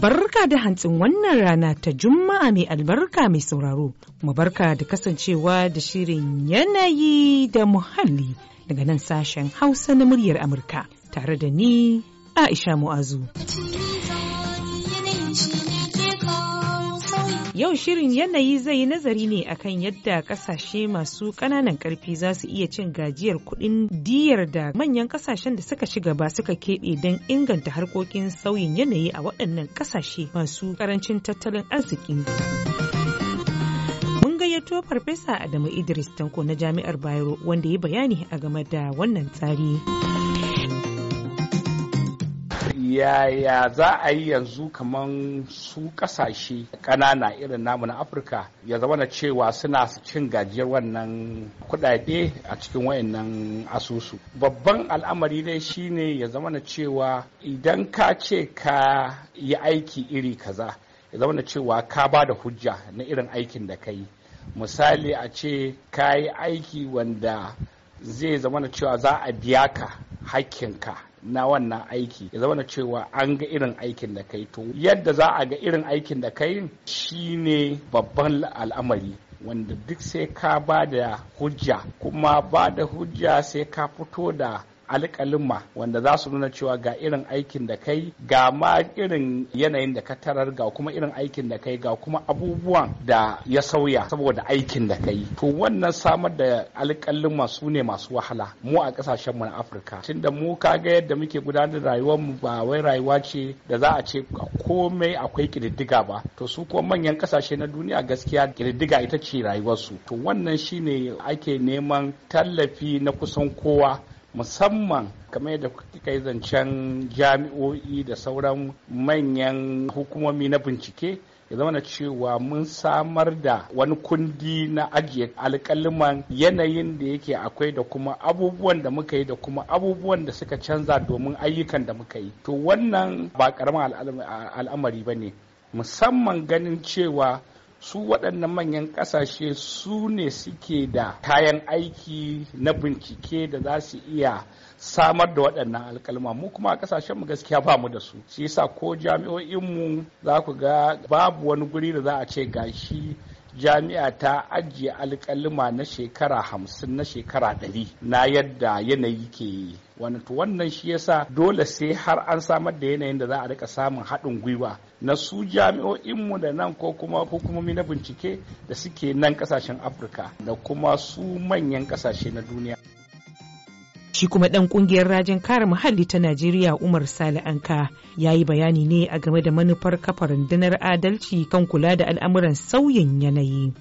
Barka da hantsin wannan rana ta Juma'a mai albarka mai sauraro, mu barka da kasancewa da shirin yanayi da muhalli daga nan sashen Hausa na muryar Amurka tare da ni Aisha Mu'azu. Yau shirin yanayi zai yi nazari ne akan yadda kasashe masu ƙananan ƙarfi za su iya cin gajiyar kuɗin diyar da manyan kasashen da suka shiga ba suka keɓe don inganta harkokin sauyin yanayi a waɗannan kasashe masu ƙarancin tattalin arziki. Mun gayyato Farfesa Adamu Idris Tanko na Jami'ar Bayero wanda ya bayani a game da wannan tsari. yaya za a yi yanzu kaman su kasashe ƙanana irin namu na afirka ya zama na cewa suna cin gajiyar wannan kudade a cikin wayannan asusu babban al'amari dai shine ya zama na cewa idan ka ce ka yi aiki iri kaza ya zama na cewa ka ba da hujja na irin aikin da ka yi misali a ce ka yi aiki wanda zai zama na cewa za a biya ka hakkinka na wannan aiki ya zama cewa an ga irin aikin da kai to yadda za a ga irin aikin da kai shine babban al'amari wanda duk sai ka ba da hujja kuma ba da hujja sai ka fito da alƙalima wanda za su nuna cewa ga irin aikin da kai ga ma irin yanayin da ka tarar ga kuma irin aikin da kai ga kuma abubuwan da ya sauya saboda aikin da kai to wannan samar da alƙalima su ne masu wahala mu a ƙasashen mu na Afirka tunda mu ka ga yadda muke gudanar da rayuwar mu ba wai rayuwa ce da za a ce komai akwai kididdiga ba to su kuma manyan ƙasashe na duniya gaskiya kididdiga ita ce rayuwarsu to wannan shine ake neman tallafi na kusan kowa musamman kamar yadda kuka yi zancen jami'o'i da sauran manyan hukumomi na bincike ya zama na cewa mun samar da wani kundi na ajiye alkaliman yanayin da yake akwai da kuma abubuwan da muka yi da kuma abubuwan da suka canza domin ayyukan da muka yi to wannan ba karamin al'amari ba ne musamman ganin cewa su waɗannan manyan ƙasashe su ne suke da kayan aiki na bincike da za su iya samar da waɗannan alkalma mu kuma a ƙasashen mu gaskiya ba mu da su shi yasa ko jami'o'inmu mu za ku ga babu wani guri da za a ce gashi jami'a ta ajiye alkalima na shekara hamsin na shekara ɗari na yadda yanayi ke wani to wannan shi yasa dole sai har an samar da yanayin da za a rika samun haɗin gwiwa na su jami'o'inmu da nan ko kuma hukumomi na bincike da suke nan ƙasashen afirka da kuma su manyan ƙasashe na duniya Shi kuma ɗan ƙungiyar rajin kare muhalli ta Najeriya Umar Sale Anka ya yi bayani ne a game da manufar kafa rundunar adalci kan kula da al'amuran sauyin yanayi.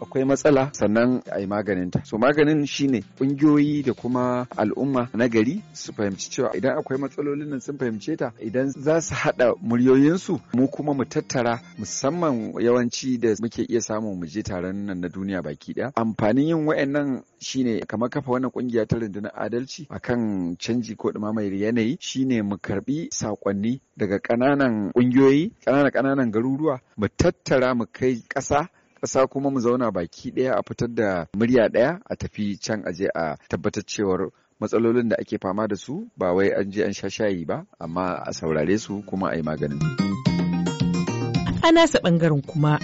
akwai matsala sannan a yi ta? so maganin shine ƙungiyoyi da kuma al'umma na gari su fahimci cewa idan akwai matsalolin nan sun fahimce ta idan za su haɗa muryoyinsu mu kuma mu tattara musamman yawanci da muke iya samun mu je taron nan na duniya baki ɗaya amfanin yin wa'annan shine kamar kafa wannan ƙungiya ta rundunar adalci A kan canji ko mai yanayi shine mu karɓi saƙonni daga ƙananan ƙungiyoyi ƙananan ƙananan garuruwa mu tattara mu kai ƙasa ƙasa kuma mu zauna baki ɗaya a fitar da murya ɗaya a tafi can aje a tabbatar cewar matsalolin da ake fama da su ba wai an je an sha shayi ba amma a saurare su kuma a yi maganin. A nasa ɓangaren kuma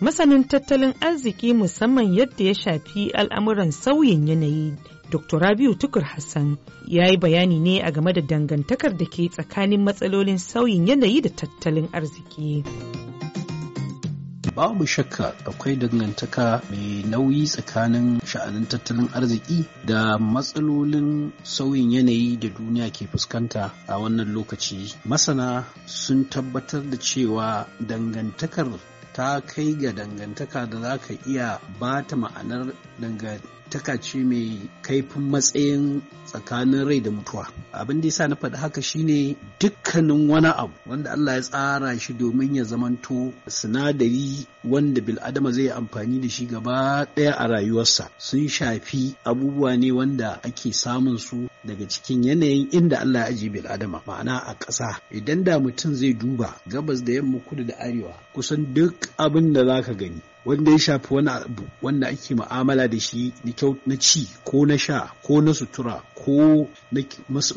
masanin tattalin arziki musamman yadda ya shafi al'amuran sauyin yanayi Dr. Rabiu Tukur Hassan ya yi bayani ne a game da dangantakar da ke tsakanin matsalolin sauyin yanayi da tattalin arziki. Babu shakka akwai dangantaka mai nauyi tsakanin sha'anin tattalin arziki da matsalolin sauyin yanayi da duniya ke fuskanta a wannan lokaci. Masana sun tabbatar da cewa dangantakar ta kai ga dangantaka da za ka iya ba ta ma'anar dangantaka ce mai kaifin matsayin tsakanin rai da mutuwa abin da yasa na faɗi haka shine dukkanin wani abu wanda Allah ya tsara shi domin ya zamanto sinadari wanda bil'adama zai amfani da shi gaba ɗaya a rayuwarsa sun shafi abubuwa ne wanda ake samun su daga cikin yanayin inda Allah ya ajiye bil'adama, ma'ana a ƙasa idan da mutum zai duba gabas da yamma kudu da arewa kusan duk abin da za ka gani wanda ya shafi wani abu wanda ake ma'amala da shi na ci ko na sha ko na sutura ko na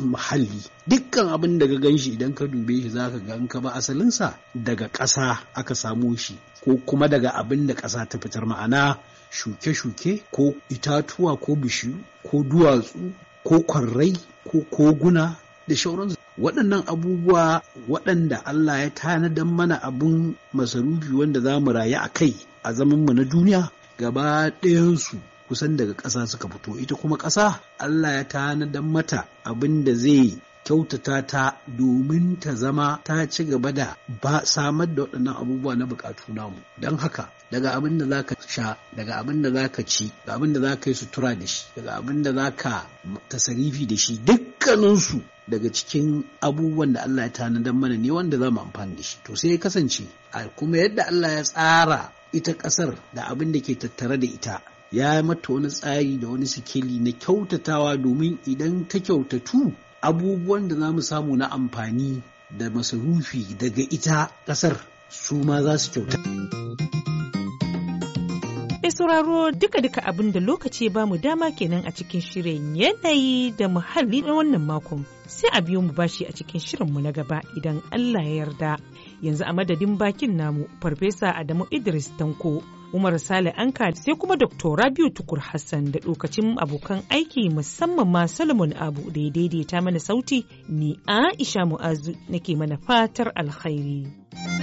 muhalli dukkan abin da ka gan shi idan ka dube shi za ka gan ka ba asalinsa daga ƙasa aka samo shi ko kuma daga abin da ƙasa ta fitar ma'ana shuke-shuke ko itatuwa ko bishiyu ko duwatsu ko kwarrai ko koguna da shauransu waɗannan abubuwa waɗanda Allah ya tanadar mana abin masarufi wanda za mu rayu a kai a zamanmu na duniya gaba ɗayansu kusan daga ƙasa suka fito ita kuma ƙasa Allah ya tanadar mata abin da zai kyautata ta domin ta zama ta ci gaba da ba samar da waɗannan abubuwa na bukatu namu don haka daga abin da zaka sha daga abin da zaka ci daga abin da zaka yi sutura da shi daga abin da zaka tasarifi da shi dukkaninsu daga cikin abubuwan da Allah ya tanadar mana ne wanda za mu amfani da shi to sai ya kasance kuma yadda Allah ya tsara ita ƙasar da abin da ke tattare da ita ya mata wani tsari da wani sikeli na kyautatawa domin idan ta kyautatu abubuwan da za mu samu na amfani da masarufi daga ita ƙasar su ma za su kyauta. sauraro duka-duka abin da lokaci ba mu dama kenan a cikin shirin yanayi da muhalli na wannan makon sai a biyo mu bashi a cikin shirin mu na gaba idan Allah ya yarda yanzu a madadin bakin namu farfesa Adamu Idris Tanko. Umar Sale Anka sai kuma Dr. Rabiu Tukur Hassan da dokacin abokan aiki musamman ma Solomon Abu da ya daidaita mana sauti ni Aisha Mu'azu nake mana fatar alkhairi.